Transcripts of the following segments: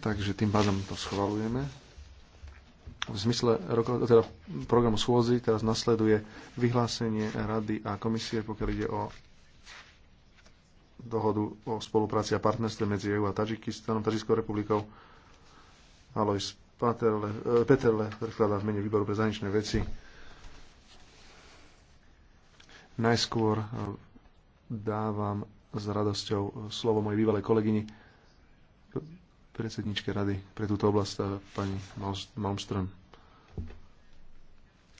Takže tým pádom to schvalujeme. V zmysle teda programu schôzy teraz nasleduje vyhlásenie Rady a komisie, pokiaľ ide o dohodu o spolupráci a partnerstve medzi EU a Tadžikistanom, Tadžickou republikou. Alois Paterle, eh, Peterle prekladá v mene výboru pre zahraničné veci. Najskôr eh, dávam s radosťou slovo mojej bývalej kolegyni predsedničke rady pre túto oblasť, eh, pani Malmström.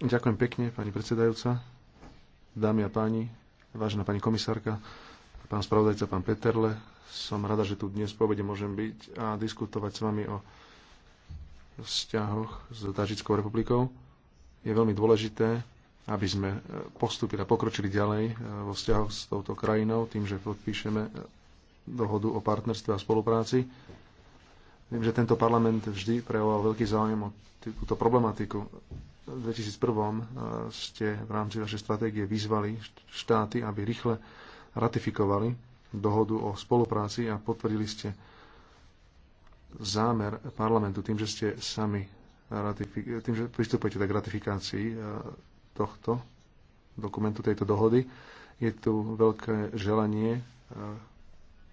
Ďakujem pekne, pani predsedajúca, dámy a páni, vážená pani komisárka, pán spravodajca, pán Peterle. Som rada, že tu dnes po obede môžem byť a diskutovať s vami o vzťahoch s Tažickou republikou. Je veľmi dôležité, aby sme eh, postupili a pokročili ďalej eh, vo vzťahoch s touto krajinou, tým, že podpíšeme dohodu o partnerstve a spolupráci. Viem, že tento parlament vždy prejavoval veľký záujem o túto problematiku. V 2001 eh, ste v rámci vašej stratégie vyzvali štáty, aby rýchle ratifikovali dohodu o spolupráci a potvrdili ste zámer parlamentu tým, že ste sami tým, že pristupujete k ratifikácii eh, tohto dokumentu, tejto dohody. Je tu veľké želanie eh,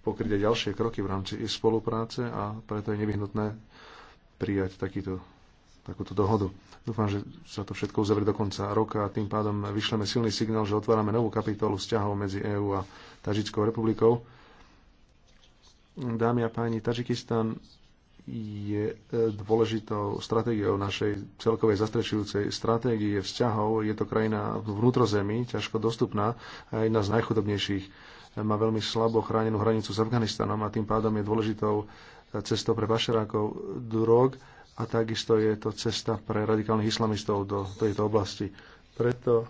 pokryť aj ďalšie kroky v rámci ich spolupráce a preto je nevyhnutné prijať takýto, takúto dohodu. Dúfam, že sa to všetko uzavrie do konca roka a tým pádom vyšleme silný signál, že otvárame novú kapitolu vzťahov medzi EÚ a Tažickou republikou. Dámy a páni, Tažikistan je e, dôležitou stratégiou našej celkovej zastrešujúcej stratégie vzťahov. Je to krajina vnútrozemí, ťažko dostupná a jedna z najchudobnejších má veľmi slabo chránenú hranicu s Afganistanom a tým pádom je dôležitou cestou pre pašerákov drog a takisto je to cesta pre radikálnych islamistov do tejto oblasti. Preto e,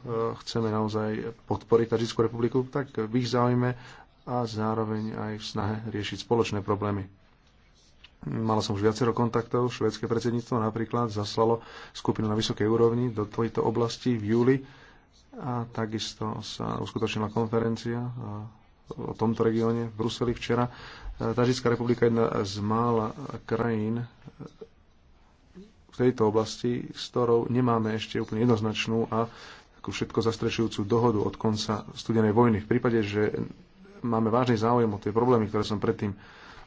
chceme naozaj podporiť Tadžickú republiku tak v ich záujme a zároveň aj v snahe riešiť spoločné problémy. Mala som už viacero kontaktov. Švédske predsedníctvo napríklad zaslalo skupinu na vysokej úrovni do tejto oblasti v júli a takisto sa uskutočnila konferencia o tomto regióne v Bruseli včera. E, Tažická republika je jedna z mála krajín e, v tejto oblasti, s ktorou nemáme ešte úplne jednoznačnú a takú všetko zastrešujúcu dohodu od konca studenej vojny. V prípade, že máme vážny záujem o tie problémy, ktoré som predtým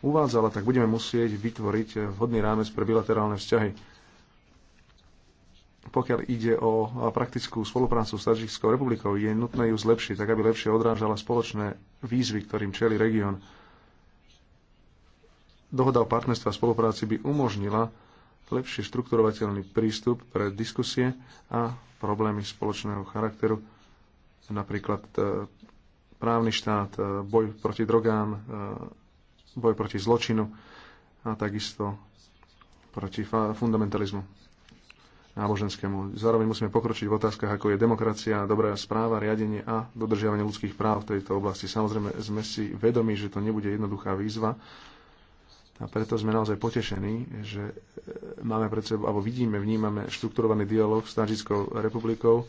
uvádzala, tak budeme musieť vytvoriť vhodný rámec pre bilaterálne vzťahy pokiaľ ide o praktickú spoluprácu s Tadžikskou republikou, je nutné ju zlepšiť, tak aby lepšie odrážala spoločné výzvy, ktorým čeli región. Dohoda o partnerstve a spolupráci by umožnila lepšie štrukturovateľný prístup pre diskusie a problémy spoločného charakteru, napríklad e, právny štát, e, boj proti drogám, e, boj proti zločinu a takisto proti fundamentalizmu náboženskému. Zároveň musíme pokročiť v otázkach, ako je demokracia, dobrá správa, riadenie a dodržiavanie ľudských práv v tejto oblasti. Samozrejme, sme si vedomi, že to nebude jednoduchá výzva a preto sme naozaj potešení, že e, máme pred sebou, alebo vidíme, vnímame štrukturovaný dialog s Tadžickou republikou,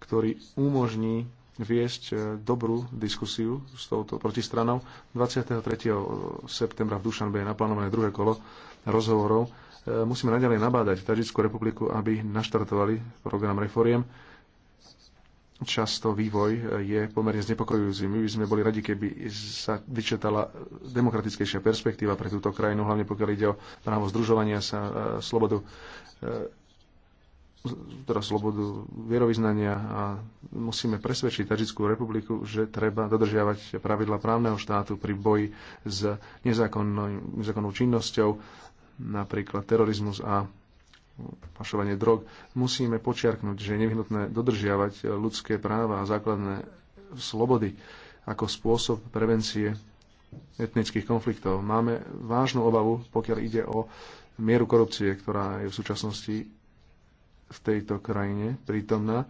ktorý umožní viesť e, dobrú diskusiu s touto protistranou. 23. septembra v Dušanbe je naplánované druhé kolo rozhovorov E, musíme naďalej nabádať Tadžickú republiku, aby naštartovali program reforiem. Často vývoj je pomerne znepokojujúci. My by sme boli radi, keby sa vyčetala demokratickejšia perspektíva pre túto krajinu, hlavne pokiaľ ide o právo združovania sa, e, slobodu e, teda slobodu vierovýznania a musíme presvedčiť Tadžickú republiku, že treba dodržiavať pravidla právneho štátu pri boji s nezákonnou, nezákonnou činnosťou, napríklad terorizmus a pašovanie drog, musíme počiarknúť, že je nevyhnutné dodržiavať ľudské práva a základné slobody ako spôsob prevencie etnických konfliktov. Máme vážnu obavu, pokiaľ ide o mieru korupcie, ktorá je v súčasnosti v tejto krajine prítomná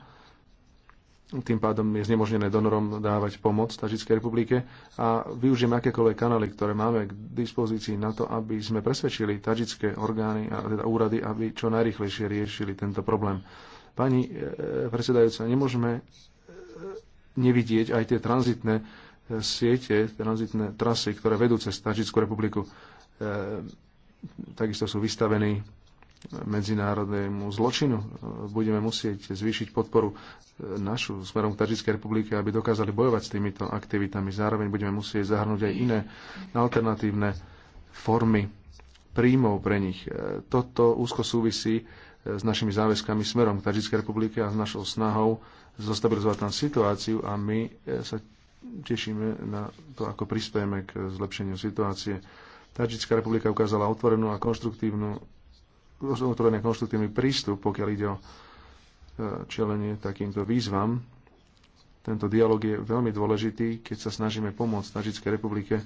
tým pádom je znemožnené donorom dávať pomoc Tažickej republike a využijeme akékoľvek kanály, ktoré máme k dispozícii na to, aby sme presvedčili tažické orgány a teda úrady, aby čo najrychlejšie riešili tento problém. Pani e, e, predsedajúca, nemôžeme e, nevidieť aj tie tranzitné siete, tranzitné trasy, ktoré vedú cez Tažickú republiku. Takisto sú vystavení medzinárodnému zločinu. Budeme musieť zvýšiť podporu e, našu smerom k Tadžickej republike, aby dokázali bojovať s týmito aktivitami. Zároveň budeme musieť zahrnúť aj iné alternatívne formy príjmov pre nich. E, Toto úzko súvisí e, s našimi záväzkami smerom k Tadžickej republike a s našou snahou zostabilizovať tam situáciu a my sa tešíme na to, ako prispieme k zlepšeniu situácie. Tadžická republika ukázala otvorenú a konštruktívnu otvorený konštruktívny prístup, pokiaľ ide o e, čelenie takýmto výzvam. Tento dialog je veľmi dôležitý, keď sa snažíme pomôcť Tažickej republike,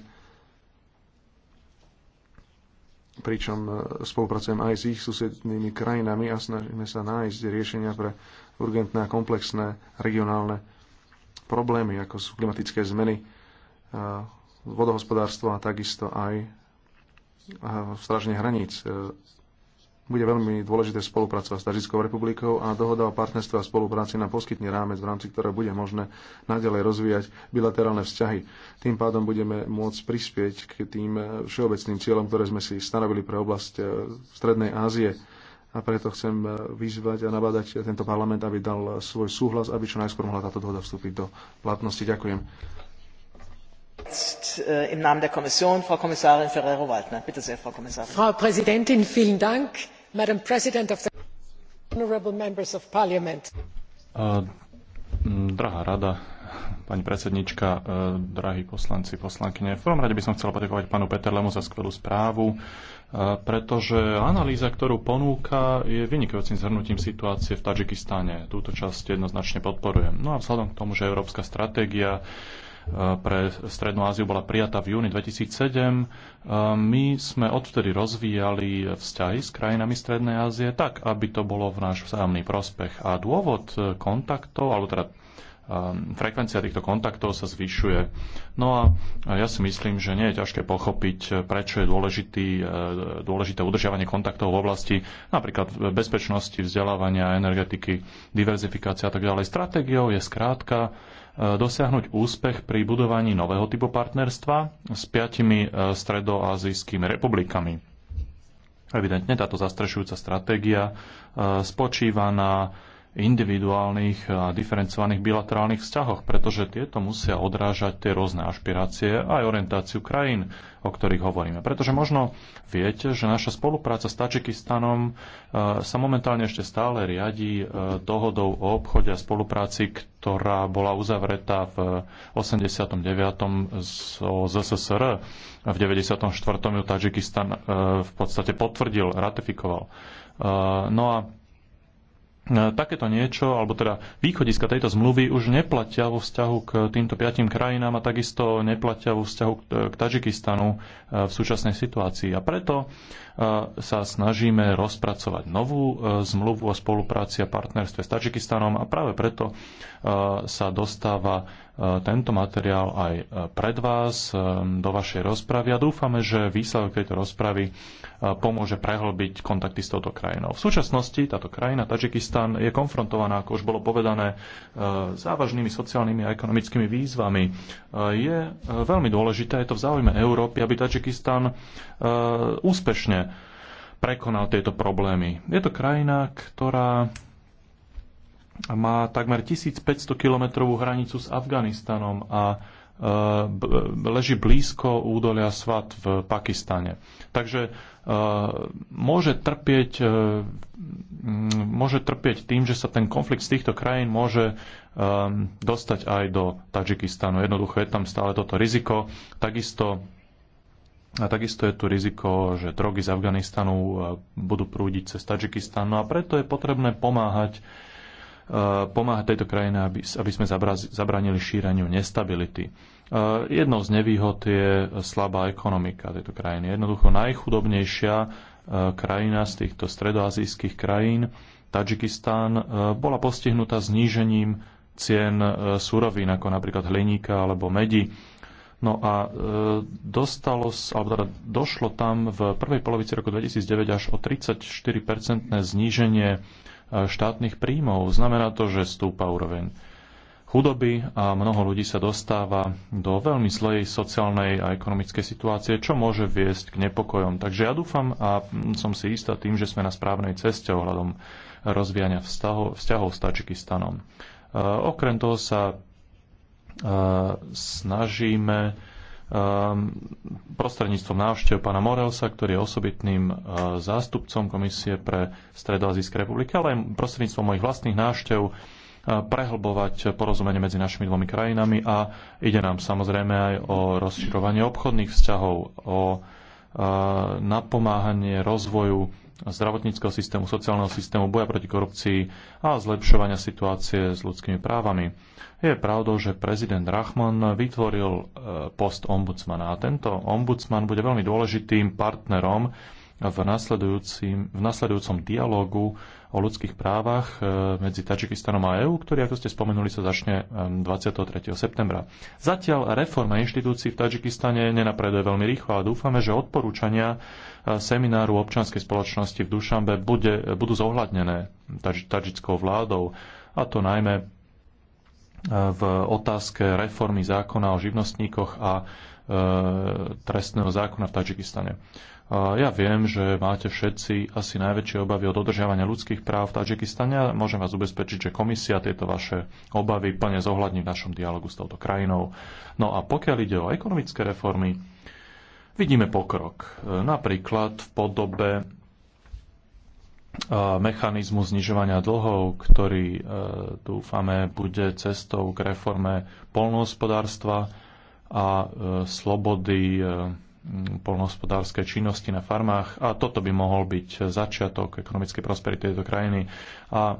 pričom e, spolupracujem aj s ich susednými krajinami a snažíme sa nájsť riešenia pre urgentné a komplexné regionálne problémy, ako sú klimatické zmeny, e, vodohospodárstvo a takisto aj stražne hraníc bude veľmi dôležité spolupracovať s Tažickou republikou a dohoda o partnerstve a spolupráci nám poskytne rámec, v rámci ktorého bude možné naďalej rozvíjať bilaterálne vzťahy. Tým pádom budeme môcť prispieť k tým všeobecným cieľom, ktoré sme si stanovili pre oblasť e, Strednej Ázie. A preto chcem e, vyzvať a nabádať tento parlament, aby dal svoj súhlas, aby čo najskôr mohla táto dohoda vstúpiť do platnosti. Ďakujem. Äh, Frau Kommissarin Präsidentin, vielen Dank. Madam President of the Honorable Members of Parliament. Äh, drahá rada, pani predsednička, äh, drahí poslanci, poslankyne. V prvom rade by som chcela poďakovať pánu Peterlemu za skvelú správu, pretože analýza, ktorú ponúka, je vynikajúcim zhrnutím situácie v Tadžikistáne. Túto časť jednoznačne podporujem. No a vzhľadom k tomu, že európska stratégia Eh, pre Strednú Áziu bola prijatá v júni 2007. Eh, my sme odvtedy rozvíjali vzťahy s krajinami Strednej Ázie tak, aby to bolo v náš vzájomný prospech. A dôvod eh, kontaktov, alebo teda Ehm, frekvencia týchto kontaktov sa zvyšuje. No a ja si myslím, že nie je ťažké pochopiť, eh, prečo je dôležitý, eh, dôležité udržiavanie kontaktov v oblasti napríklad bezpečnosti, vzdelávania, energetiky, diverzifikácia a tak ďalej. Stratégiou je skrátka eh, dosiahnuť úspech pri budovaní nového typu partnerstva s piatimi stredoazijskými republikami. Evidentne táto zastrešujúca stratégia spočíva na individuálnych a diferencovaných bilaterálnych vzťahoch, pretože tieto musia odrážať tie rôzne ašpirácie a aj orientáciu krajín, o ktorých hovoríme. Pretože možno viete, že naša spolupráca s Tačikistanom e, sa momentálne ešte stále riadi e, dohodou o obchode a spolupráci, ktorá bola uzavretá v 89. z SSR. V 94. ju Tačikistan e, v podstate potvrdil, ratifikoval. No a E, takéto niečo, alebo teda východiska tejto zmluvy už neplatia vo vzťahu k týmto piatim krajinám a takisto neplatia vo vzťahu k Tadžikistanu e, v súčasnej situácii. A preto sa snažíme rozpracovať novú e, zmluvu o spolupráci a partnerstve s Tadžikistanom a práve preto e, sa dostáva e, tento materiál aj pred vás do vašej rozpravy a dúfame, že výsledok tejto rozpravy pomôže prehlbiť kontakty s touto krajinou. V súčasnosti táto krajina, Tadžikistan, je konfrontovaná, ako už bolo povedané, závažnými sociálnymi a ekonomickými výzvami. Je veľmi dôležité, je to v záujme Európy, aby Tadžikistan úspešne prekonal tieto problémy. Je to krajina, ktorá má takmer 1500 kilometrovú hranicu s Afganistanom a e, leží blízko údolia Svat v Pakistane. Takže e, môže trpieť, e, môže trpieť tým, že sa ten konflikt z týchto krajín môže dostať aj do Tadžikistanu. Jednoducho je tam stále toto riziko. Takisto a takisto je tu riziko, že drogy z Afganistanu e, budú prúdiť cez Tadžikistan. No a preto je potrebné pomáhať, e, pomáhať tejto krajine, aby, aby sme zabranili šíreniu nestability. E, jednou z nevýhod je slabá ekonomika tejto krajiny. Jednoducho najchudobnejšia krajina z týchto stredoazijských krajín, Tadžikistán, bola postihnutá znížením cien surovín, ako napríklad hliníka alebo medi No a e, dostalo, alebo teda došlo tam v prvej polovici roku 2009 až o 34 zníženie e, štátnych príjmov. Znamená to, že stúpa úroveň chudoby a mnoho ľudí sa dostáva do veľmi zlej sociálnej a ekonomickej situácie, čo môže viesť k nepokojom. Takže ja dúfam a mm, som si istá tým, že sme na správnej ceste ohľadom rozvíjania vzťahov, vzťahov s Tačikistanom. E, okrem toho sa snažíme prostredníctvom návštev pána Morelsa, ktorý je osobitným zástupcom Komisie pre Stredoazijské republiky, ale aj prostredníctvom mojich vlastných návštev prehlbovať porozumenie medzi našimi dvomi krajinami a ide nám samozrejme aj o rozširovanie obchodných vzťahov, o napomáhanie rozvoju zdravotníckého systému, sociálneho systému, boja proti korupcii a zlepšovania situácie s ľudskými právami. Je pravdou, že prezident Rachman vytvoril e, post ombudsmana a tento ombudsman bude veľmi dôležitým partnerom v, v nasledujúcom dialogu o ľudských právach e, medzi Tadžikistanom a EÚ, ktorý, ako ste spomenuli, sa začne 23. septembra. Zatiaľ reforma inštitúcií v Tadžikistane nenapreduje veľmi rýchlo a dúfame, že odporúčania e, semináru občianskej spoločnosti v Dušambe bude, budú zohľadnené tadžickou vládou, a to najmä v otázke reformy zákona o živnostníkoch a e, trestného zákona v Tadžikistane. Ja viem, že máte všetci asi najväčšie obavy o dodržiavania ľudských práv v Tadžikistane a môžem vás ubezpečiť, že komisia tieto vaše obavy plne zohľadní v našom dialogu s touto krajinou. No a pokiaľ ide o ekonomické reformy, vidíme pokrok. E, napríklad v podobe mechanizmu znižovania dlhov, ktorý e, dúfame bude cestou k reforme polnohospodárstva a e, slobody e, polnohospodárskej činnosti na farmách. A toto by mohol byť začiatok ekonomickej prosperity tejto krajiny. A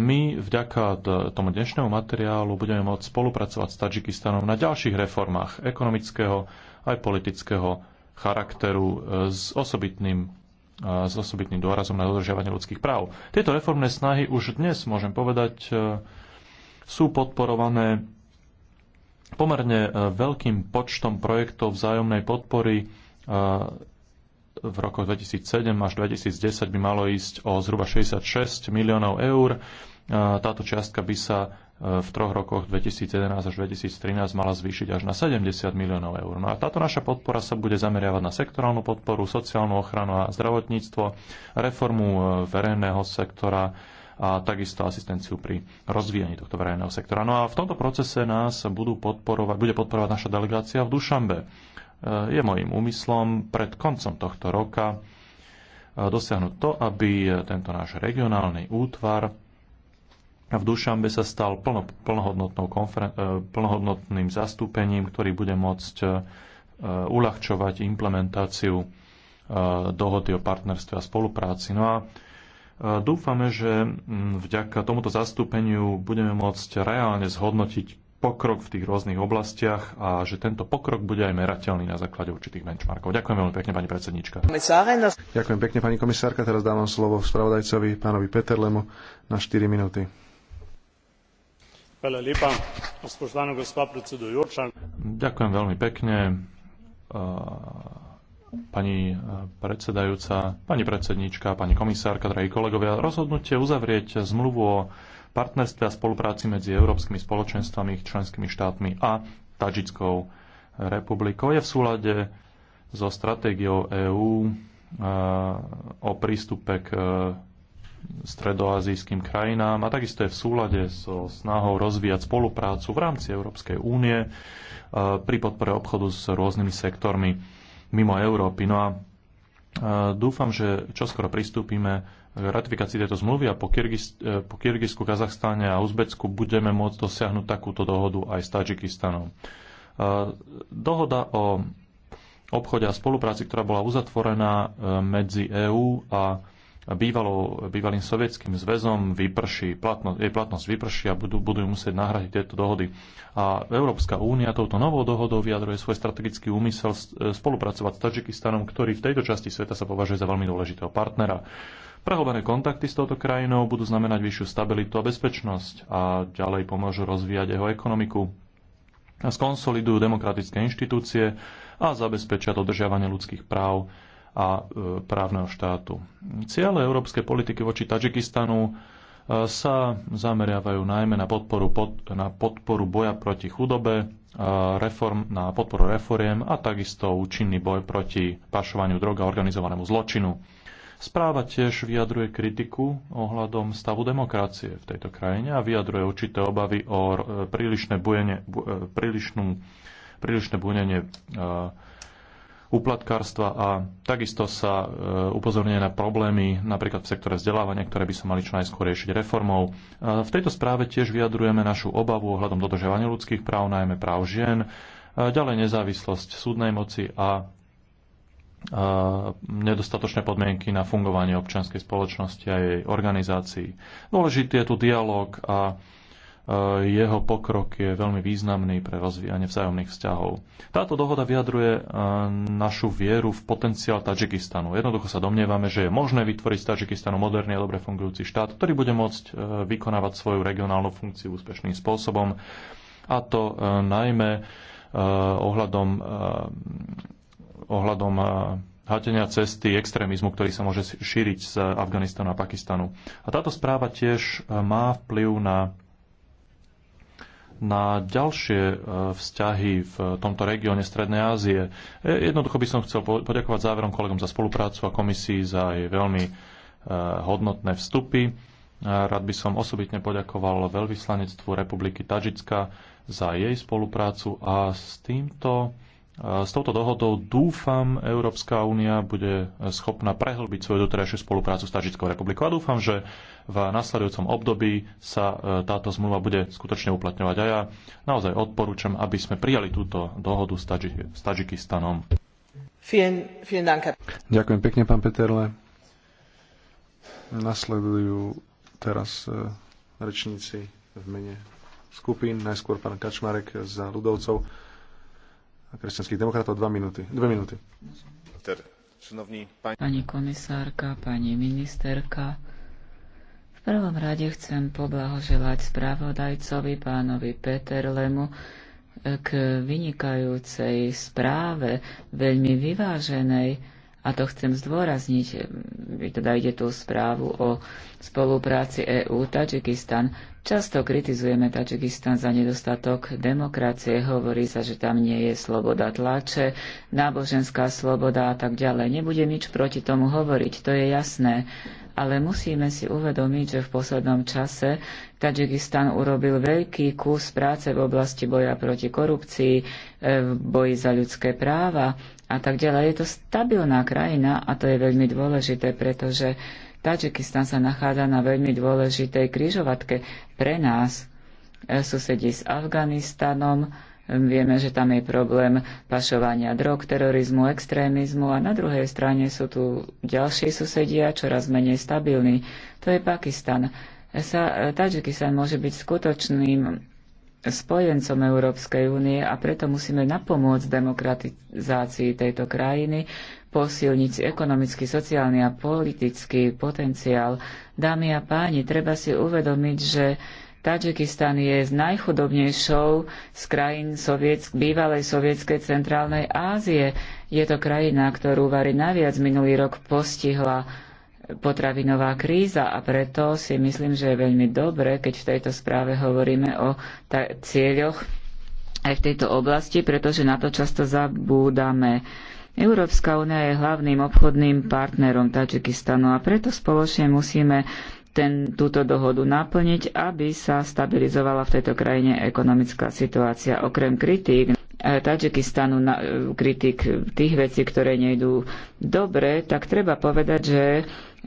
my vďaka tomu dnešnému materiálu budeme môcť spolupracovať s Tadžikistanom na ďalších reformách ekonomického aj politického charakteru s osobitným s osobitným dôrazom na dodržiavanie ľudských práv. Tieto reformné snahy už dnes, môžem povedať, e, sú podporované pomerne e, veľkým počtom projektov vzájomnej podpory e, v rokoch 2007 až 2010 by malo ísť o zhruba 66 miliónov eur. Táto čiastka by sa v troch rokoch 2011 až 2013 mala zvýšiť až na 70 miliónov eur. No a táto naša podpora sa bude zameriavať na sektorálnu podporu, sociálnu ochranu a zdravotníctvo, reformu e, verejného sektora a takisto asistenciu pri rozvíjaní tohto verejného sektora. No a v tomto procese nás budú podporovať, bude podporovať naša delegácia v Dušambe. E, je mojím úmyslom pred koncom tohto roka e, dosiahnuť to, aby tento náš regionálny útvar v Dušambe sa stal plno, e, plnohodnotným zastúpením, ktorý bude môcť e, e, uľahčovať implementáciu dohody o partnerstve a spolupráci. No a dúfame, že vďaka tomuto zastúpeniu budeme môcť reálne zhodnotiť pokrok v tých rôznych oblastiach a že tento pokrok bude aj merateľný na základe určitých benchmarkov. Ďakujem veľmi pekne, pani predsednička. Ďakujem pekne, pani komisárka. Teraz dávam slovo spravodajcovi, pánovi Peterlemu, na 4 minúty. Ďakujem veľmi pekne. Pani predsedajúca, pani predsedníčka, pani komisárka, drahí kolegovia, rozhodnutie uzavrieť zmluvu o partnerstve a spolupráci medzi európskymi spoločenstvami, členskými štátmi a Tadžickou republikou je v súlade so stratégiou EÚ o prístupe k stredoazijským krajinám a takisto je v súlade so snahou rozvíjať spoluprácu v rámci Európskej únie e, pri podpore obchodu s rôznymi sektormi mimo Európy. No a e, dúfam, že čoskoro pristúpime k ratifikácii tejto zmluvy a po, e, Kyrgyzsku, Kazachstáne a Uzbecku budeme môcť dosiahnuť takúto dohodu aj s Tadžikistanom. Dohoda o obchode a spolupráci, ktorá bola uzatvorená medzi EÚ a bývalo, bývalým sovietským zväzom vyprší, platnosť, jej platnosť vyprší a budú, budú musieť nahradiť tieto dohody. A Európska únia touto novou dohodou vyjadruje svoj strategický úmysel e, spolupracovať s Tadžikistanom, ktorý v tejto časti sveta sa považuje za veľmi dôležitého partnera. Prehobené kontakty s touto krajinou budú znamenať vyššiu stabilitu a bezpečnosť a ďalej pomôžu rozvíjať jeho ekonomiku, a skonsolidujú demokratické inštitúcie a zabezpečia dodržiavanie ľudských práv a e, právneho štátu. Ciele európskej politiky voči Tadžikistanu e, sa zameriavajú najmä na podporu, pod, na podporu boja proti chudobe, e, reform, na podporu reforiem a takisto účinný boj proti pašovaniu drog a organizovanému zločinu. Správa tiež vyjadruje kritiku ohľadom stavu demokracie v tejto krajine a vyjadruje určité obavy o prílišné bujenie, prílišnú, prílišné bujenie uh, úplatkárstva a takisto sa e, upozorňuje na problémy napríklad v sektore vzdelávania, ktoré by sa mali čo najskôr riešiť reformou. V tejto správe tiež vyjadrujeme našu obavu ohľadom dodržiavania ľudských práv, najmä práv žien, ďalej nezávislosť súdnej moci a nedostatočné podmienky na fungovanie občianskej spoločnosti a jej organizácií. Dôležitý je tu dialog a E, jeho pokrok je veľmi významný pre rozvíjanie vzájomných vzťahov. Táto dohoda vyjadruje e, našu vieru v potenciál Tadžikistanu. Jednoducho sa domnievame, že je možné vytvoriť z Tadžikistanu moderný a dobre fungujúci štát, ktorý bude môcť e, vykonávať svoju regionálnu funkciu úspešným spôsobom. A to najmä ohľadom, ohľadom hatenia cesty extrémizmu, ktorý sa môže šíriť z Afganistanu a Pakistanu. A táto správa tiež má vplyv na na ďalšie e, vzťahy v tomto regióne Strednej Ázie. E, jednoducho by som chcel poďakovať záverom kolegom za spoluprácu a komisii za jej veľmi e, hodnotné vstupy. Rád by som osobitne poďakoval veľvyslanectvu Republiky Tadžická za jej spoluprácu a s týmto s touto dohodou dúfam, Európska únia bude schopná prehlbiť svoju doterajšiu spoluprácu s Tažickou republikou a dúfam, že v nasledujúcom období sa e, táto zmluva bude skutočne uplatňovať. A ja naozaj odporúčam, aby sme prijali túto dohodu s, Tadži- Tadžikistanom. Ďakujem pekne, pán Peterle. Nasledujú teraz e, rečníci v mene skupín, najskôr pán Kačmarek za ľudovcov kresťanských demokratov minúty. minúty. Pani komisárka, pani ministerka, v prvom rade chcem poblahoželať spravodajcovi pánovi Peterlemu k vynikajúcej správe, veľmi vyváženej, a to chcem zdôrazniť, teda ide tu správu o spolupráci EÚ-Tadžikistan. Často kritizujeme Tadžikistan za nedostatok demokracie, hovorí sa, že tam nie je sloboda tlače, náboženská sloboda a tak ďalej. Nebude nič proti tomu hovoriť, to je jasné. Ale musíme si uvedomiť, že v poslednom čase Tadžikistan urobil veľký kus práce v oblasti boja proti korupcii, eh, v boji za ľudské práva a tak ďalej. Je to stabilná krajina a to je veľmi dôležité, pretože Tadžikistan sa nachádza na veľmi dôležitej krížovatke pre nás. E, susedí s Afganistanom, vieme, že tam je problém pašovania drog, terorizmu, extrémizmu a na druhej strane sú tu ďalší susedia, čoraz menej stabilní. To je Pakistan. E, e, Tadžikistan môže byť skutočným spojencom Európskej únie a preto musíme napomôcť demokratizácii tejto krajiny, posilniť ekonomický, sociálny a politický potenciál. Dámy a páni, treba si uvedomiť, že Tadžikistan je z najchudobnejšou z krajín sovietsk- bývalej sovietskej centrálnej Ázie. Je to krajina, ktorú vari naviac minulý rok postihla potravinová kríza a preto si myslím, že je veľmi dobre, keď v tejto správe hovoríme o cieľoch aj v tejto oblasti, pretože na to často zabúdame. Európska únia je hlavným obchodným partnerom Tadžikistanu a preto spoločne musíme ten, túto dohodu naplniť, aby sa stabilizovala v tejto krajine ekonomická situácia. Okrem kritík Tadžikistanu na e, kritik tých vecí, ktoré nejdú dobre, tak treba povedať, že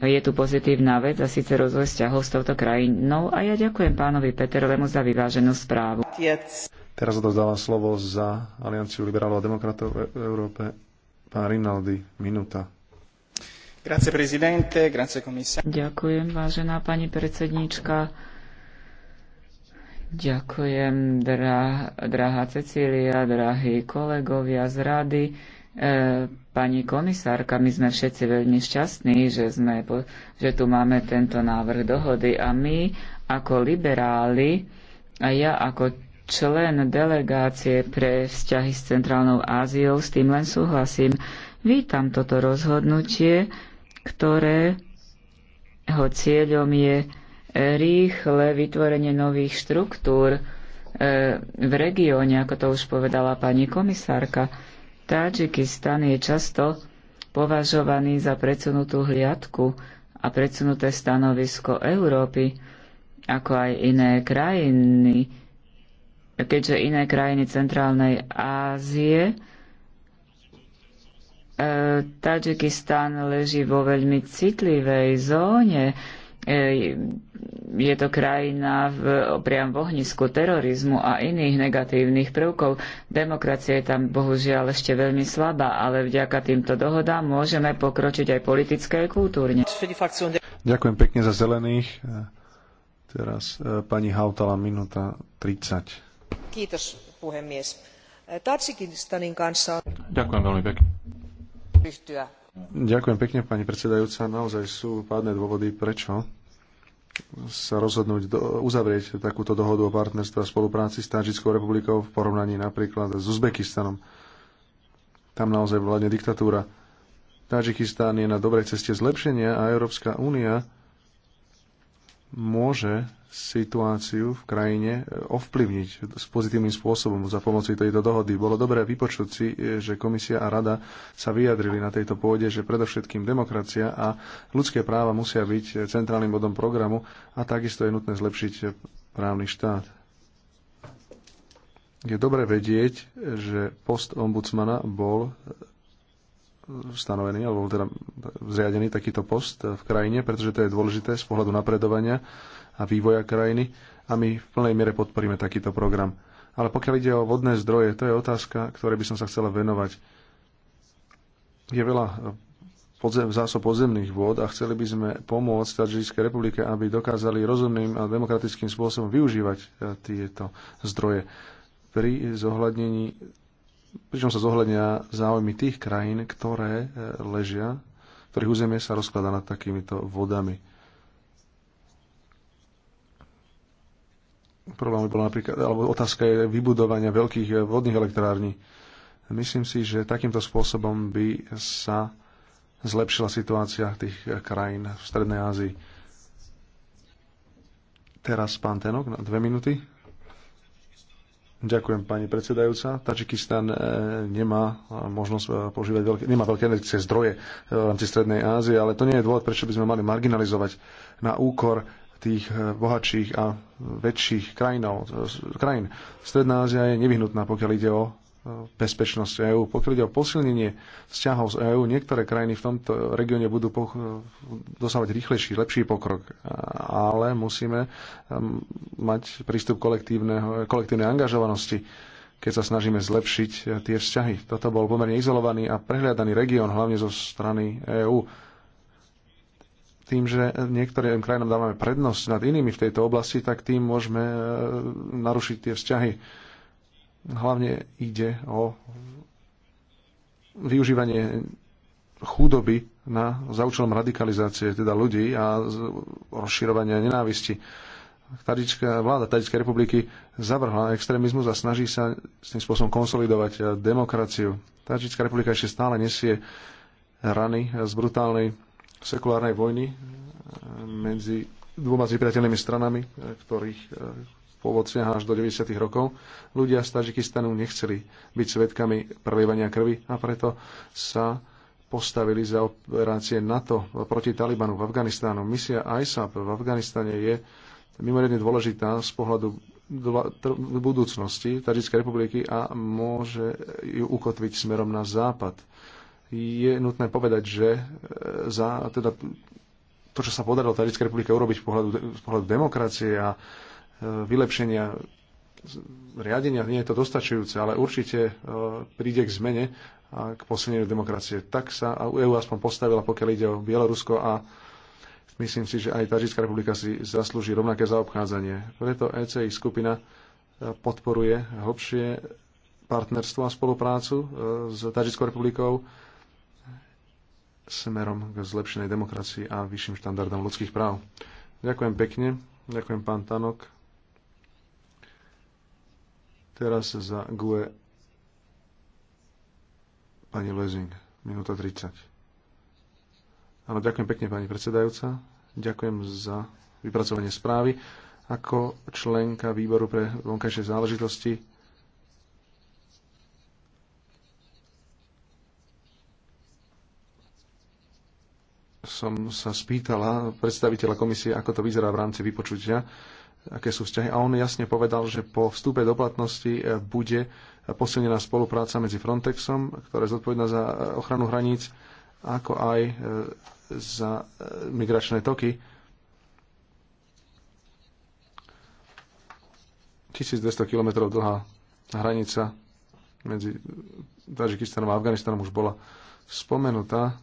je tu pozitívna vec a síce rozvoj vzťahov s touto krajinou. A ja ďakujem pánovi Peterovému za vyváženú správu. Teraz odovzdávam slovo za Alianciu liberálov a demokratov v Európe. Pán Rinaldi, minúta. Grazie, grazie, Ďakujem, vážená pani predsedníčka. Ďakujem, drah, drahá Cecília, drahí kolegovia z rady. E, pani komisárka, my sme všetci veľmi šťastní, že, sme, že tu máme tento návrh dohody a my ako liberáli a ja ako člen delegácie pre vzťahy s Centrálnou Áziou s tým len súhlasím. Vítam toto rozhodnutie, ktorého cieľom je rýchle vytvorenie nových štruktúr e, v regióne, ako to už povedala pani komisárka. Tadžikistan je často považovaný za predsunutú hliadku a predsunuté stanovisko Európy, ako aj iné krajiny, keďže iné krajiny Centrálnej Ázie, e, Tadžikistan leží vo veľmi citlivej zóne, E, je to krajina v, priam v ohnisku terorizmu a iných negatívnych prvkov. Demokracia je tam bohužiaľ ešte veľmi slabá, ale vďaka týmto dohodám môžeme pokročiť aj politické a kultúrne. Ďakujem pekne za zelených. Teraz e, pani Hautala, minúta 30. Kýtos, puhemies. E, Tadžikistanin kanssa... Ďakujem veľmi pekne. Ryhtyä Ďakujem pekne, pani predsedajúca. Naozaj sú pádne dôvody, prečo sa rozhodnúť do, uzavrieť takúto dohodu o partnerstve a spolupráci s Tadžickou republikou v porovnaní napríklad s Uzbekistanom. Tam naozaj vládne diktatúra. Tadžikistán je na dobrej ceste zlepšenia a Európska únia môže situáciu v krajine e, ovplyvniť s pozitívnym spôsobom za pomoci tejto dohody. Bolo dobré vypočuť si, e, že komisia a rada sa vyjadrili na tejto pôde, že predovšetkým demokracia a ľudské práva musia byť centrálnym bodom programu a takisto je nutné zlepšiť právny štát. Je dobre vedieť, že post ombudsmana bol e, stanovený, alebo teda zriadený takýto post v krajine, pretože to je dôležité z pohľadu napredovania a vývoja krajiny a my v plnej miere podporíme takýto program. Ale pokiaľ ide o vodné zdroje, to je otázka, ktorej by som sa chcela venovať. Je veľa e, podzem, zásob podzemných vôd a chceli by sme pomôcť Tadžijskej republike, aby dokázali rozumným a demokratickým spôsobom využívať e, tieto zdroje pri zohľadnení pričom sa zohľadnia záujmy tých krajín, ktoré e, ležia, ktorých územie sa rozkladá nad takýmito vodami. Problém bola napríklad, alebo otázka je vybudovania veľkých eh, vodných elektrární. Myslím si, že takýmto spôsobom by sa zlepšila situácia tých eh, krajín v Strednej Ázii. Teraz pán Tenok na dve minúty. Ďakujem, pani predsedajúca. Tačikistan eh, nemá možnosť požívať veľké, nemá veľké energetické zdroje v rámci Strednej Ázie, ale to nie je dôvod, prečo by sme mali marginalizovať na úkor tých eh, bohatších a väčších krajinov, krajín. Stredná Ázia je nevyhnutná, pokiaľ ide o eh, bezpečnosť EÚ. Pokiaľ ide o posilnenie vzťahov z EÚ, niektoré krajiny v tomto regióne budú eh, dosávať rýchlejší, lepší pokrok, ale musíme ehm, mať prístup kolektívnej angažovanosti, keď sa snažíme zlepšiť tie vzťahy. Toto bol pomerne izolovaný a prehliadaný región, hlavne zo strany EÚ tým, že niektorým krajinám dávame prednosť nad inými v tejto oblasti, tak tým môžeme e, narušiť tie vzťahy. Hlavne ide o využívanie chudoby na, za účelom radikalizácie teda ľudí a rozširovania nenávisti. Tadička, vláda Tadičkej republiky zavrhla extrémizmus a snaží sa s tým spôsobom konsolidovať demokraciu. Tadička republika ešte stále nesie rany z brutálnej sekulárnej vojny e, medzi dvoma nepriateľnými stranami, e, ktorých e, pôvod siaha až do 90. rokov. Ľudia z Tadžikistanu nechceli byť svetkami prelievania krvi a preto sa postavili za operácie NATO proti Talibanu v Afganistánu. Misia ISAP v Afganistane je mimoriadne dôležitá z pohľadu budúcnosti Tadžickej republiky a môže ju ukotviť smerom na západ je nutné povedať, že e, za teda to, čo sa podarilo Tarickej republike urobiť z pohľadu, z pohľadu demokracie a e, vylepšenia riadenia, nie je to dostačujúce, ale určite e, príde k zmene a k posilneniu demokracie. Tak sa EU aspoň postavila, pokiaľ ide o Bielorusko a myslím si, že aj Tadžická republika si zaslúži rovnaké zaobchádzanie. Preto ECI skupina podporuje hlbšie partnerstvo a spoluprácu s Tadžickou republikou smerom k zlepšenej demokracii a vyšším štandardom ľudských práv. Ďakujem pekne. Ďakujem pán Tanok. Teraz za GUE pani Lezing. Minúta 30. Áno, ďakujem pekne, pani predsedajúca. Ďakujem za vypracovanie správy. Ako členka výboru pre vonkajšie záležitosti som sa spýtala predstaviteľa komisie, ako to vyzerá v rámci vypočutia, aké sú vzťahy. A on jasne povedal, že po vstupe do platnosti eh, bude posilnená spolupráca medzi Frontexom, ktorá je zodpovedná za eh, ochranu hraníc, ako aj eh, za migračné toky. 1200 kilometrov dlhá hranica medzi Tadžikistanom a Afganistanom už bola spomenutá.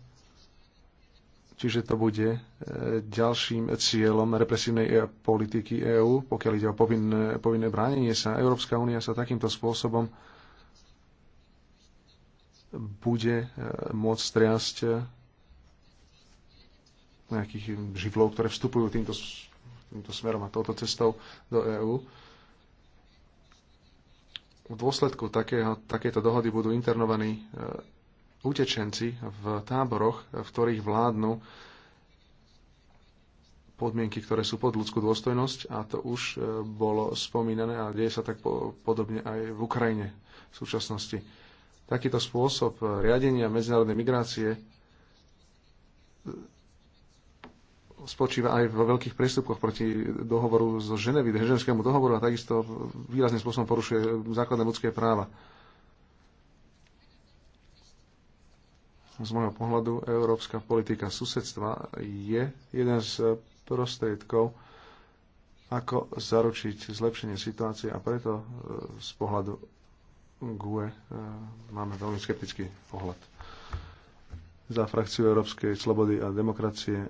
Čiže to bude e, ďalším cieľom represívnej e, politiky EÚ, pokiaľ ide o povinné, povinné bránenie sa. Európska únia sa takýmto spôsobom bude e, môcť striasť nejakých živlov, ktoré vstupujú týmto, týmto smerom a touto cestou do EÚ. V dôsledku takého, takéto dohody budú internovaní utečenci v táboroch, v ktorých vládnu podmienky, ktoré sú pod ľudskú dôstojnosť a to už e, bolo spomínané a deje sa tak podobne aj v Ukrajine v súčasnosti. Takýto spôsob e, riadenia medzinárodnej migrácie e, spočíva aj vo veľkých prestupkoch proti dohovoru zo Ženevy, ženevskému dohovoru a takisto výrazným spôsobom porušuje základné ľudské práva. z môjho pohľadu európska politika susedstva je jeden z prostriedkov, ako zaručiť zlepšenie situácie a preto e, z pohľadu GUE e, máme veľmi skeptický pohľad. Za frakciu Európskej slobody a demokracie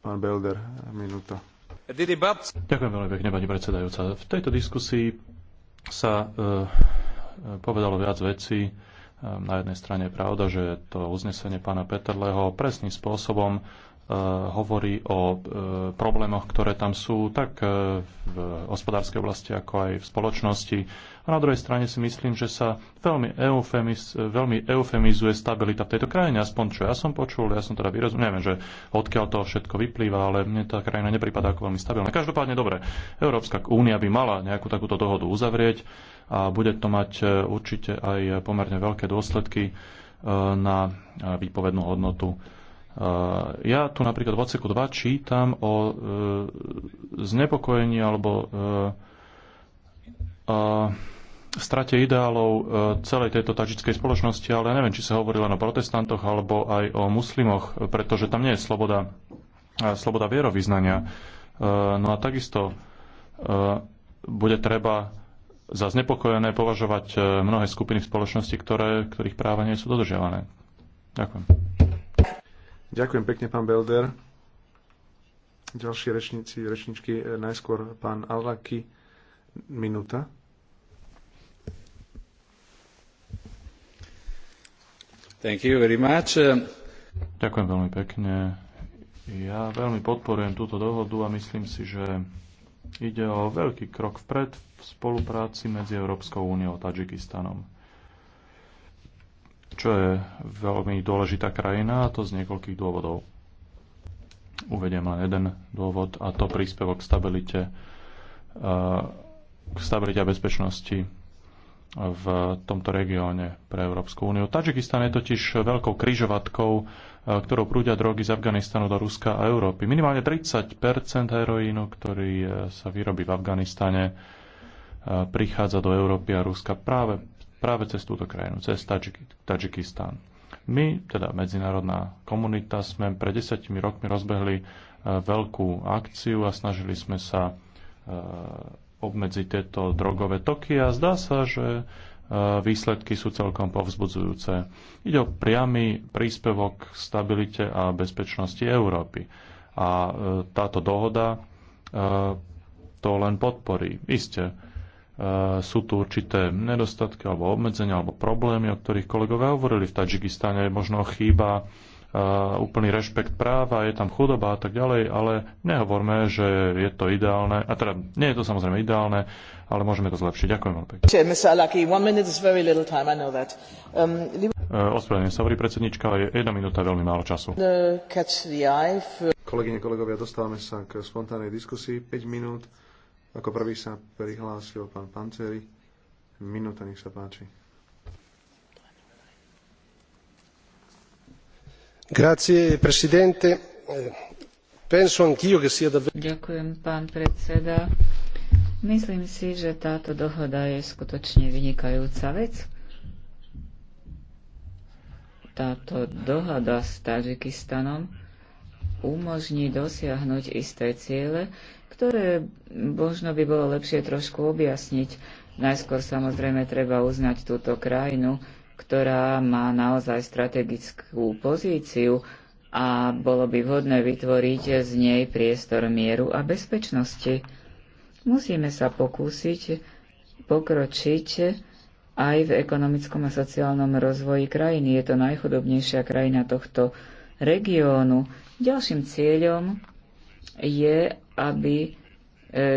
pán Belder, minúta. Ďakujem veľmi pekne, pani predsedajúca. V tejto diskusii sa e, e povedalo viac vecí, na jednej strane je pravda, že to uznesenie pána Peterleho presným spôsobom E, hovorí o e, problémoch, ktoré tam sú, tak e, v hospodárskej oblasti, ako aj v spoločnosti. A na druhej strane si myslím, že sa veľmi, eufemiz, veľmi eufemizuje stabilita v tejto krajine, aspoň čo ja som počul, ja som teda výrazum, neviem, že odkiaľ to všetko vyplýva, ale mne tá krajina nepripadá ako veľmi stabilná. Každopádne dobre, Európska únia by mala nejakú takúto dohodu uzavrieť a bude to mať určite aj pomerne veľké dôsledky na výpovednú hodnotu Eh, ja tu napríklad v odseku 2 čítam o eh, znepokojení alebo eh, strate ideálov celej tejto tažickej spoločnosti, ale ja neviem, či sa hovorí len o protestantoch alebo aj o muslimoch, pretože tam nie je sloboda, sloboda vierovýznania. No a takisto bude treba za znepokojené považovať mnohé skupiny v spoločnosti, ktoré, ktorých práva nie sú dodržiavané. Ďakujem. Ďakujem pekne, pán Belder. Ďalší rečníci, rečničky, e, najskôr pán Alaky. Minúta. Thank you very much. Ďakujem veľmi pekne. Ja veľmi podporujem túto dohodu a myslím si, že ide o veľký krok vpred v spolupráci medzi Európskou úniou a Tadžikistanom čo je veľmi dôležitá krajina, a to z niekoľkých dôvodov. Uvediem len jeden dôvod, a to príspevok k stabilite, e, k stabilite a bezpečnosti v tomto regióne pre Európsku úniu. Tadžikistan je totiž veľkou kryžovatkou, e, ktorou prúdia drogy z Afganistanu do Ruska a Európy. Minimálne 30 heroínu, ktorý e, sa vyrobí v Afganistane, prichádza do Európy a Ruska práve práve cez túto krajinu, cez Tadžikistán. My, teda medzinárodná komunita, sme pred desiatimi rokmi rozbehli e, veľkú akciu a snažili sme sa e, obmedziť tieto drogové toky a zdá sa, že e, výsledky sú celkom povzbudzujúce. Ide o priamy príspevok k stabilite a bezpečnosti Európy. A táto dohoda to len podporí. Isté, E, sú tu určité nedostatky alebo obmedzenia alebo problémy, o ktorých kolegovia hovorili. V Tadžikistane. možno chýba e, úplný rešpekt práva, je tam chudoba a tak ďalej, ale nehovorme, že je to ideálne. A teda nie je to samozrejme ideálne, ale môžeme to zlepšiť. Ďakujem veľmi pekne. Um, e, ospravedlňujem sa, hovorí predsednička, ale jedna minúta je veľmi málo času. Kolegyne, kolegovia, dostávame sa k spontánnej diskusii. 5 minút ako prvý sa prihlásil pán Panceri. Minúta, nech sa páči. Grazie, presidente. Penso anch'io che sia davvero... Ďakujem, pán predseda. Myslím si, že táto dohoda je skutočne vynikajúca vec. Táto dohoda s Tadžikistanom umožní dosiahnuť isté ciele, ktoré možno by bolo lepšie trošku objasniť. Najskôr samozrejme treba uznať túto krajinu, ktorá má naozaj strategickú pozíciu a bolo by vhodné vytvoriť z nej priestor mieru a bezpečnosti. Musíme sa pokúsiť pokročiť aj v ekonomickom a sociálnom rozvoji krajiny. Je to najchudobnejšia krajina tohto regiónu. Ďalším cieľom je, aby e,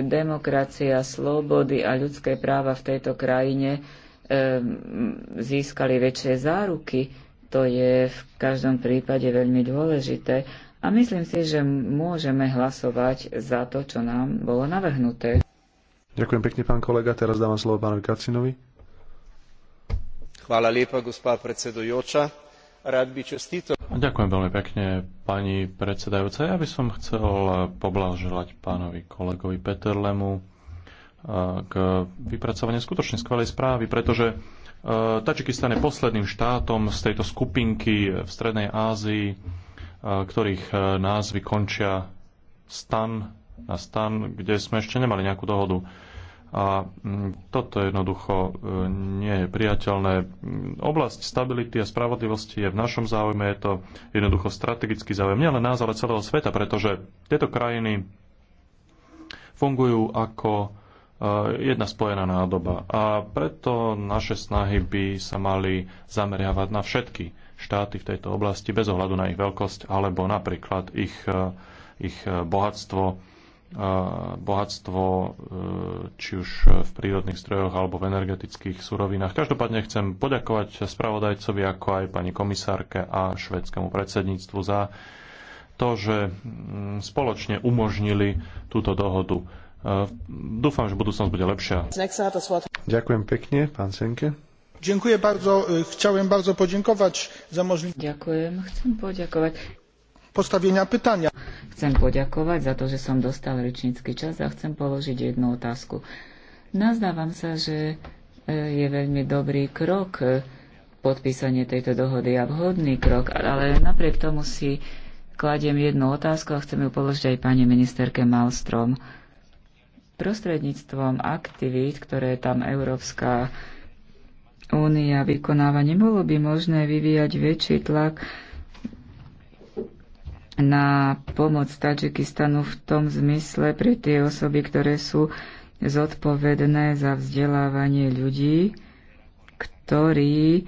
demokracia, slobody a ľudské práva v tejto krajine e, získali väčšie záruky. To je v každom prípade veľmi dôležité a myslím si, že môžeme hlasovať za to, čo nám bolo navrhnuté. Ďakujem pekne, pán kolega. Teraz dávam slovo pánovi Kacinovi. Hvala lepa, gospa predsedujúča. Rád by čestito Ďakujem veľmi pekne, pani predsedajúca. Ja by som chcel poblahoželať pánovi kolegovi Peterlemu eh, k vypracovaniu skutočne skvelej správy, pretože eh, Tačikistan je posledným štátom z tejto skupinky v Strednej Ázii, eh, ktorých názvy končia stan na stan, kde sme ešte nemali nejakú dohodu. A mm, toto jednoducho e, nie je priateľné. Oblasť stability a spravodlivosti je v našom záujme, je to jednoducho strategický záujem nielen nás, ale celého sveta, pretože tieto krajiny fungujú ako e, jedna spojená nádoba. A preto naše snahy by sa mali zameriavať na všetky štáty v tejto oblasti bez ohľadu na ich veľkosť alebo napríklad ich, e, ich bohatstvo bohatstvo, e, či už v prírodných strojoch alebo v energetických surovinách. Každopádne chcem poďakovať spravodajcovi, ako aj pani komisárke a švedskému predsedníctvu za to, že mm, spoločne umožnili túto dohodu. E, dúfam, že budúcnosť bude lepšia. Ďakujem pekne, pán Senke. Dziękuję bardzo, e, chciałem bardzo podziękować za możliwość. Dziękuję, chcę podziękować postavenia pytania. Chcem poďakovať za to, že som dostal rečnícky čas a chcem položiť jednu otázku. Nazdávam sa, že e, je veľmi dobrý krok e, podpísanie tejto dohody a vhodný krok, ale napriek tomu si kladiem jednu otázku a chcem ju položiť aj pani ministerke Malstrom. Prostredníctvom aktivít, ktoré tam Európska únia vykonáva, nebolo by možné vyvíjať väčší tlak na pomoc Tadžikistanu v tom zmysle pre tie osoby, ktoré sú zodpovedné za vzdelávanie ľudí, ktorí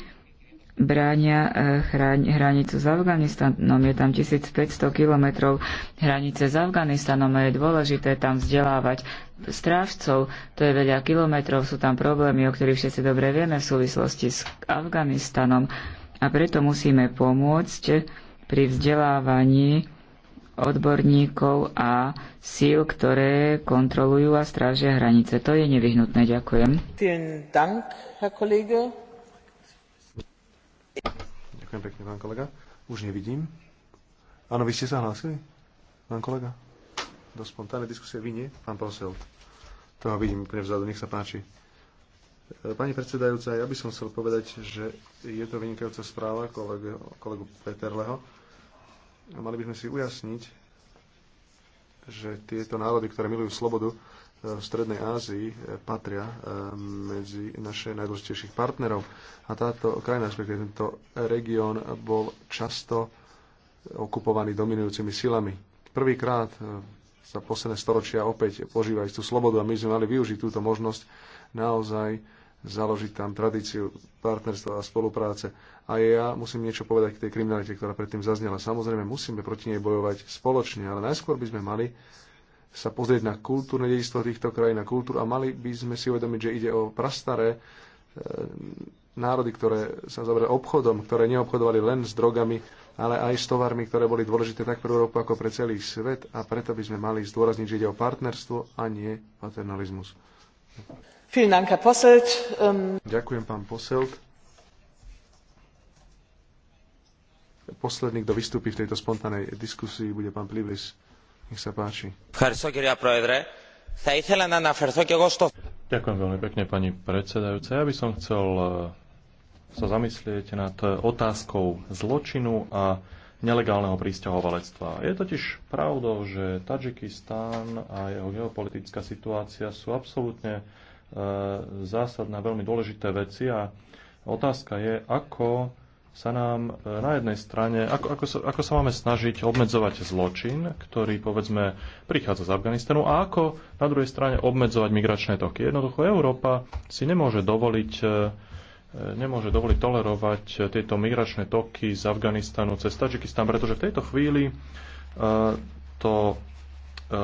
bránia e, hranicu s Afganistanom. Je tam 1500 kilometrov hranice s Afganistanom a je dôležité tam vzdelávať strážcov. To je veľa kilometrov, sú tam problémy, o ktorých všetci dobre vieme v súvislosti s Afganistanom. A preto musíme pomôcť pri vzdelávaní odborníkov a síl, ktoré kontrolujú a strážia hranice. To je nevyhnutné. Ďakujem. Ďakujem pekne, pán kolega. Už nevidím. Áno, vy ste sa hlásili, pán kolega? Do spontánnej diskusie vy nie, pán Posel. ho vidím úplne vzadu, nech sa páči. Pani predsedajúca, ja by som chcel povedať, že je to vynikajúca správa kolegu, kolegu Peterleho Mali by sme si ujasniť, že tieto národy, ktoré milujú slobodu e, v Strednej Ázii, e, patria e, medzi naše najdôležitejších partnerov. A táto krajina, respektíve tento región, bol často okupovaný dominujúcimi silami. Prvýkrát za posledné storočia opäť požívajú tú slobodu a my sme mali využiť túto možnosť naozaj založiť tam tradíciu partnerstva a spolupráce. A ja musím niečo povedať k tej kriminalite, ktorá predtým zaznela. Samozrejme, musíme proti nej bojovať spoločne, ale najskôr by sme mali sa pozrieť na kultúrne dedistvo týchto krajín, na kultúr a mali by sme si uvedomiť, že ide o prastaré e, národy, ktoré sa zaoberajú obchodom, ktoré neobchodovali len s drogami, ale aj s tovarmi, ktoré boli dôležité tak pre Európu ako pre celý svet a preto by sme mali zdôrazniť, že ide o partnerstvo a nie paternalizmus. Ähm, Ďakujem, pán Poselt. Posledný, kto vystúpi v tejto spontánnej diskusii, bude pán Plivlis. Nech sa páči. Ďakujem veľmi pekne, pani predsedajúca. Ja by som chcel eh, sa zamyslieť nad eh, otázkou zločinu a nelegálneho pristahovalectva. Je totiž pravdou, že Tadžikistán a jeho geopolitická situácia sú absolútne e, zásadné, veľmi dôležité veci a otázka je, ako sa nám e, na jednej strane, ako, ako, sa, ako sa máme snažiť obmedzovať zločin, ktorý povedzme prichádza z Afganistanu a ako na druhej strane obmedzovať migračné toky. Jednoducho Európa si nemôže dovoliť e, nemôže dovoliť tolerovať tieto migračné toky z Afganistanu cez Tadžikistan, pretože v tejto chvíli e, to, e,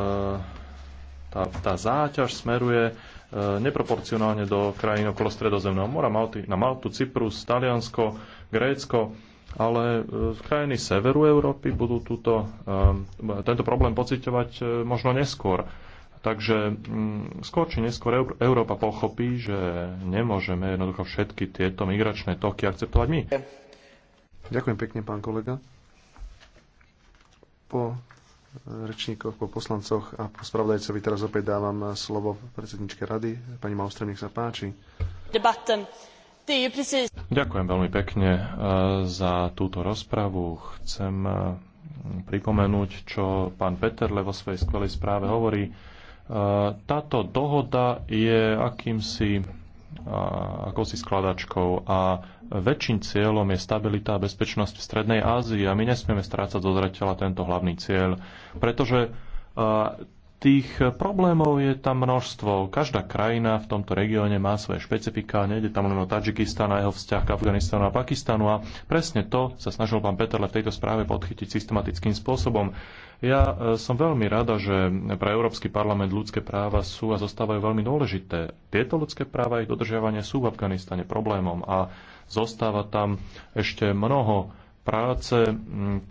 tá, tá záťaž smeruje e, neproporcionálne do krajín okolo Stredozemného mora, Malty, na Maltu, Cyprus, Taliansko, Grécko, ale krajiny severu Európy budú túto, tento problém pociťovať možno neskôr. Takže mm, skôr či neskôr Európa pochopí, že nemôžeme jednoducho všetky tieto migračné toky akceptovať my. Ďakujem pekne, pán kolega. Po rečníkoch, po poslancoch a po spravodajcovi teraz opäť dávam slovo predsedničke rady. Pani Malstrem, nech sa páči. Debatem. Er Ďakujem veľmi pekne eh, za túto rozpravu. Chcem eh, pripomenúť, čo pán Peterle vo svojej skvelej správe hovorí táto dohoda je akýmsi ako si skladačkou a väčším cieľom je stabilita a bezpečnosť v Strednej Ázii a my nesmieme strácať zo zreteľa tento hlavný cieľ, pretože tých problémov je tam množstvo. Každá krajina v tomto regióne má svoje špecifika, nejde tam len o Tadžikistan a jeho vzťah k Afganistanu a Pakistanu a presne to sa snažil pán Peterle v tejto správe podchytiť systematickým spôsobom. Ja e, som veľmi rada, že pre Európsky parlament ľudské práva sú a zostávajú veľmi dôležité. Tieto ľudské práva, ich dodržiavanie sú v Afganistane problémom a zostáva tam ešte mnoho práce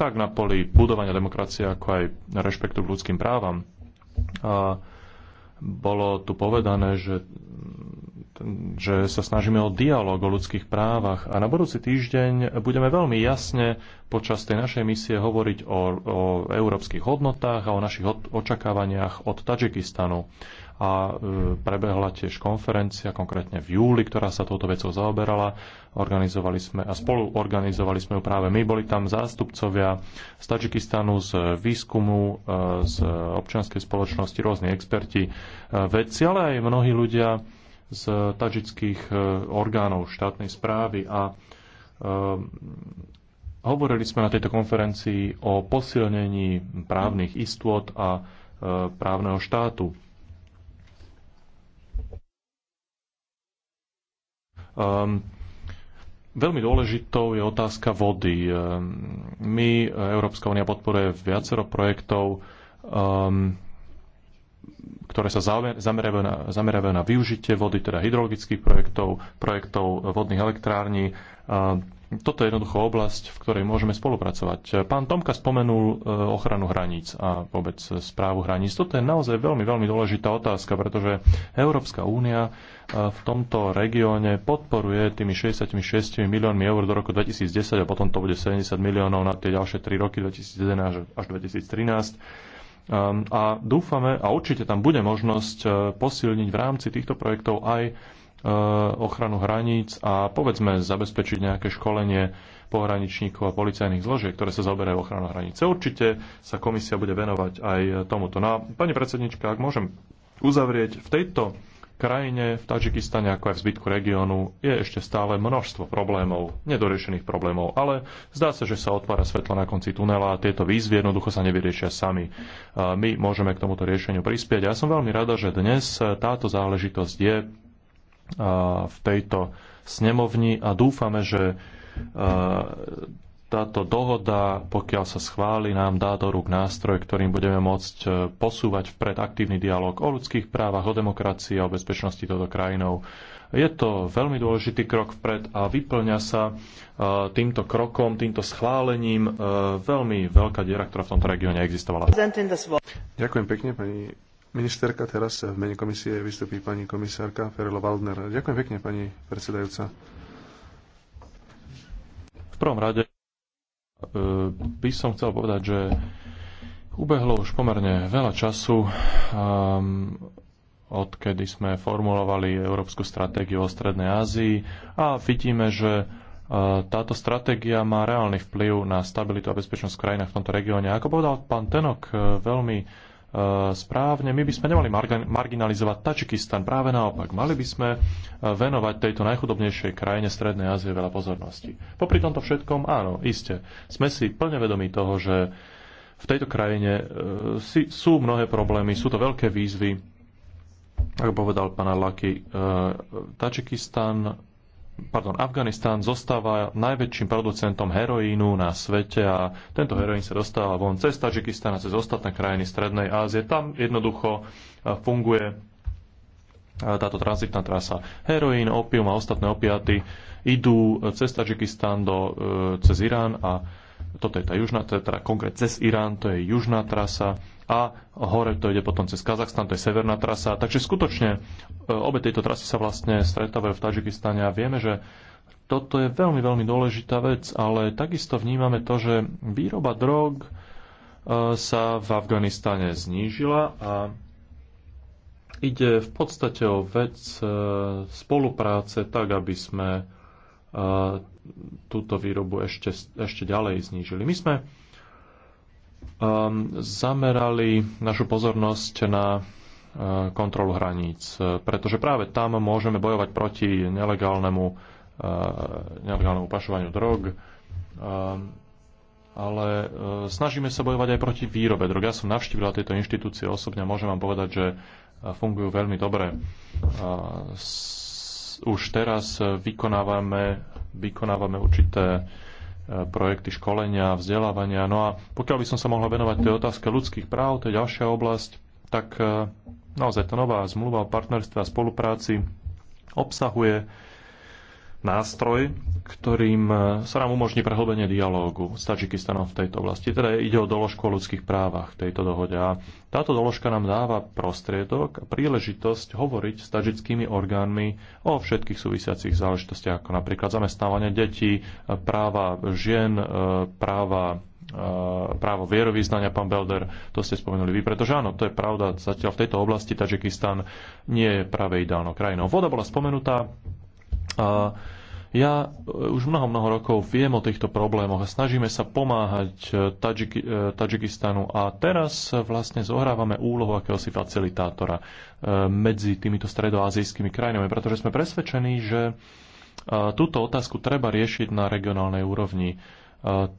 tak na poli budovania demokracie, ako aj rešpektu k ľudským právam. A bolo tu povedané, že že sa snažíme o dialog o ľudských právach a na budúci týždeň budeme veľmi jasne počas tej našej misie hovoriť o, o európskych hodnotách a o našich očakávaniach od Tadžikistanu. A e, prebehla tiež konferencia, konkrétne v júli, ktorá sa touto vecou zaoberala. Organizovali sme a spolu organizovali sme ju práve my. Boli tam zástupcovia z Tadžikistanu, z výskumu, e, z občianskej spoločnosti, rôzni experti, e, vedci, ale aj mnohí ľudia, z tadžických e, orgánov štátnej správy a e, hovorili sme na tejto konferencii o posilnení právnych istôt a e, právneho štátu. Um, Veľmi dôležitou je otázka vody. Ehm, my, Európska únia, podporuje viacero projektov um, ktoré sa zamerajú na, zamerajú na využitie vody, teda hydrologických projektov, projektov vodných elektrární. Toto je jednoducho oblasť, v ktorej môžeme spolupracovať. Pán Tomka spomenul e, ochranu hraníc a vôbec správu hraníc. Toto je naozaj veľmi, veľmi dôležitá otázka, pretože Európska únia e, v tomto regióne podporuje tými 66 miliónmi eur do roku 2010 a potom to bude 70 miliónov na tie ďalšie 3 roky 2011 až 2013 Um, a dúfame, a určite tam bude možnosť uh, posilniť v rámci týchto projektov aj uh, ochranu hraníc a povedzme zabezpečiť nejaké školenie pohraničníkov a policajných zložiek, ktoré sa zaoberajú ochranou hranice. Určite sa komisia bude venovať aj tomuto. No a pani predsednička, ak môžem uzavrieť v tejto krajine, v Tadžikistane, ako aj v zbytku regiónu, je ešte stále množstvo problémov, nedoriešených problémov, ale zdá sa, že sa otvára svetlo na konci tunela a tieto výzvy jednoducho sa nevyriešia sami. My môžeme k tomuto riešeniu prispieť. Ja som veľmi rada, že dnes táto záležitosť je v tejto snemovni a dúfame, že táto dohoda, pokiaľ sa schváli, nám dá do rúk nástroj, ktorým budeme môcť e, posúvať vpred aktívny dialog o ľudských právach, o demokracii a o bezpečnosti tohto krajinou. Je to veľmi dôležitý krok vpred a vyplňa sa e, týmto krokom, týmto schválením e, veľmi veľká diera, ktorá v tomto regióne existovala. Ďakujem pekne, pani ministerka. Teraz v mene komisie vystupí pani komisárka Ferelo Waldner. Ďakujem pekne, pani predsedajúca. V prvom rade Ehm, by som chcel povedať, že ubehlo už pomerne veľa času, um, odkedy sme formulovali Európsku stratégiu o Strednej Ázii a vidíme, že e, táto stratégia má reálny vplyv na stabilitu a bezpečnosť krajina v tomto regióne. Ako povedal pán Tenok e, veľmi Eh, správne, my by sme nemali marginalizovať Tačikistan. Práve naopak, mali by sme eh, venovať tejto najchudobnejšej krajine Strednej Ázie veľa pozornosti. Popri tomto všetkom, áno, iste, sme si plne vedomi toho, že v tejto krajine eh, si, sú mnohé problémy, sú to veľké výzvy. Ako povedal pán Laki, Tačikistan pardon, Afganistán zostáva najväčším producentom heroínu na svete a tento heroín sa dostáva von cez Tadžikistán a cez ostatné krajiny Strednej Ázie. Tam jednoducho e, funguje e, táto tranzitná trasa. Heroín, opium a ostatné opiaty idú e, cez Tadžikistán do, cez Irán a toto je tá južná, to je teda konkrét cez Irán, to je južná trasa a hore to ide potom cez Kazachstan, to je severná trasa. Takže skutočne e, obe tieto trasy sa vlastne stretávajú v Tadžikistane a vieme, že toto je veľmi, veľmi dôležitá vec, ale takisto vnímame to, že výroba drog e, sa v Afganistane znížila a ide v podstate o vec e, spolupráce tak, aby sme Eh, túto výrobu ešte, ešte ďalej znížili. My sme ehm, zamerali našu pozornosť na eh, kontrolu hraníc, pretože práve tam môžeme bojovať proti nelegálnemu, eh, nelegálnemu pašovaniu drog, ehm, ale snažíme sa bojovať aj proti výrobe drog. Ja som navštívila tieto inštitúcie osobne a môžem vám povedať, že fungujú veľmi dobre. S už teraz vykonávame, vykonávame určité e, projekty školenia, vzdelávania. No a pokiaľ by som sa mohla venovať tej otázke ľudských práv, to je ďalšia oblasť, tak e, naozaj tá nová zmluva o partnerstve a spolupráci obsahuje nástroj, ktorým e, sa nám umožní prehlbenie dialógu s Tadžikistanom v tejto oblasti. Teda ide o doložku o ľudských právach v tejto dohode. A táto doložka nám dáva prostriedok a príležitosť hovoriť s tadžickými orgánmi o všetkých súvisiacich záležitostiach, ako napríklad zamestnávanie detí, práva žien, e, práva e, právo vierovýznania, pán Belder, to ste spomenuli vy, pretože áno, to je pravda, zatiaľ v tejto oblasti Tadžikistan nie je práve ideálnou krajinou. Voda bola spomenutá, a ja e, už mnoho, mnoho rokov viem o týchto problémoch a snažíme sa pomáhať e, Tadžiki, e, Tadžikistanu a teraz vlastne zohrávame úlohu akéhosi facilitátora medzi týmito stredoazijskými krajinami, pretože sme presvedčení, že túto otázku treba riešiť na regionálnej úrovni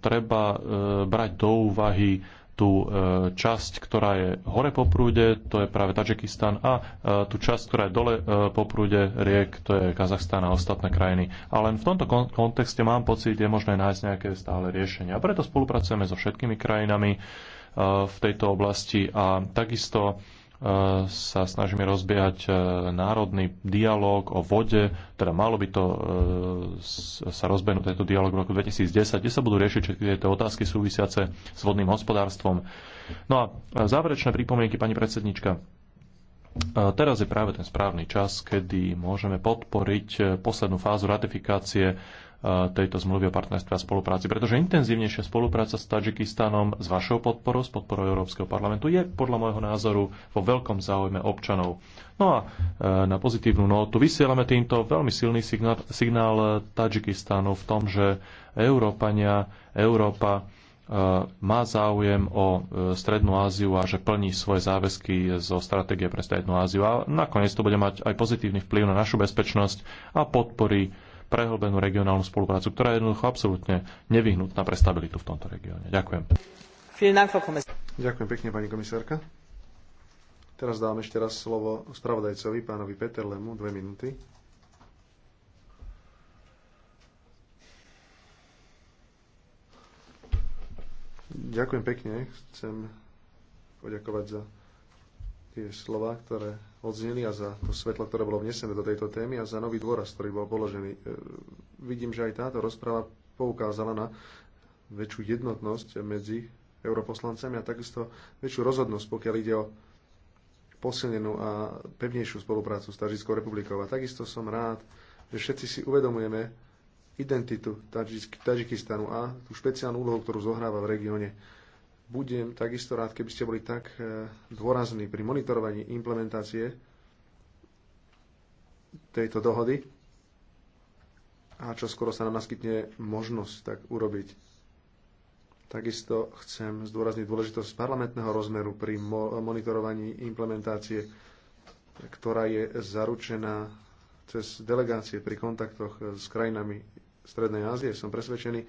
treba brať do úvahy tú e, časť, ktorá je hore po prúde, to je práve Tadžikistan, a e, tú časť, ktorá je dole e, po prúde riek, to je Kazachstan a ostatné krajiny. A len v tomto kontexte mám pocit, je možné nájsť nejaké stále riešenie. A preto spolupracujeme so všetkými krajinami v tejto oblasti a takisto sa snažíme rozbiehať e, národný dialog o vode, teda malo by to e, sa rozbehnúť tento dialog v roku 2010, kde sa budú riešiť všetky tieto otázky súvisiace s vodným hospodárstvom. No a e, záverečné pripomienky, pani predsednička. Teraz je práve ten správny čas, kedy môžeme podporiť poslednú fázu ratifikácie tejto zmluvy o partnerstve a spolupráci, pretože intenzívnejšia spolupráca s Tadžikistanom s vašou podporou, s podporou Európskeho parlamentu je podľa môjho názoru vo veľkom záujme občanov. No a e, na pozitívnu notu vysielame týmto veľmi silný signál, signál Tadžikistanu v tom, že Európania, Európa e, má záujem o e, Strednú Áziu a že plní svoje záväzky zo stratégie pre Strednú Áziu. A nakoniec to bude mať aj pozitívny vplyv na našu bezpečnosť a podpory prehlbenú regionálnu spoluprácu, ktorá je jednoducho absolútne nevyhnutná pre stabilitu v tomto regióne. Ďakujem. Ďakujem pekne, pani komisárka. Teraz dám ešte raz slovo spravodajcovi, pánovi Peter Lemu, dve minúty. Ďakujem pekne. Chcem poďakovať za tie slova, ktoré odzneli a za to svetlo, ktoré bolo vnesené do tejto témy a za nový dôraz, ktorý bol položený. E, vidím, že aj táto rozpráva poukázala na väčšiu jednotnosť medzi europoslancami a takisto väčšiu rozhodnosť, pokiaľ ide o posilnenú a pevnejšiu spoluprácu s Tažickou republikou. A takisto som rád, že všetci si uvedomujeme identitu Tadžikistanu a tú špeciálnu úlohu, ktorú zohráva v regióne budem takisto rád, keby ste boli tak eh, dôrazní pri monitorovaní implementácie tejto dohody a čo skoro sa nám naskytne možnosť tak urobiť. Takisto chcem zdôrazniť dôležitosť parlamentného rozmeru pri monitorovaní implementácie, ktorá je zaručená cez delegácie pri kontaktoch s krajinami Strednej Ázie. Som presvedčený,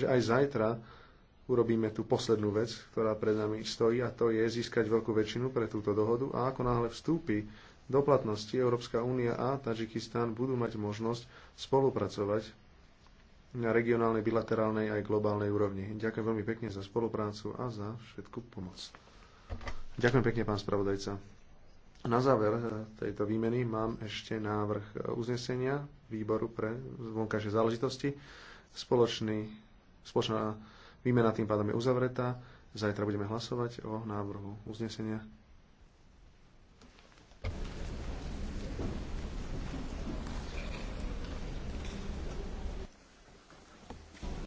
že aj zajtra urobíme tú poslednú vec, ktorá pred nami stojí, a to je získať veľkú väčšinu pre túto dohodu a ako náhle vstúpi do platnosti Európska únia a Tadžikistán budú mať možnosť spolupracovať na regionálnej, bilaterálnej aj globálnej úrovni. Ďakujem veľmi pekne za spoluprácu a za všetku pomoc. Ďakujem pekne, pán spravodajca. Na záver tejto výmeny mám ešte návrh uznesenia výboru pre vonkajšie záležitosti. Spoločný, spoločná Výmena tým pádom je uzavretá. Zajtra budeme hlasovať o návrhu uznesenia.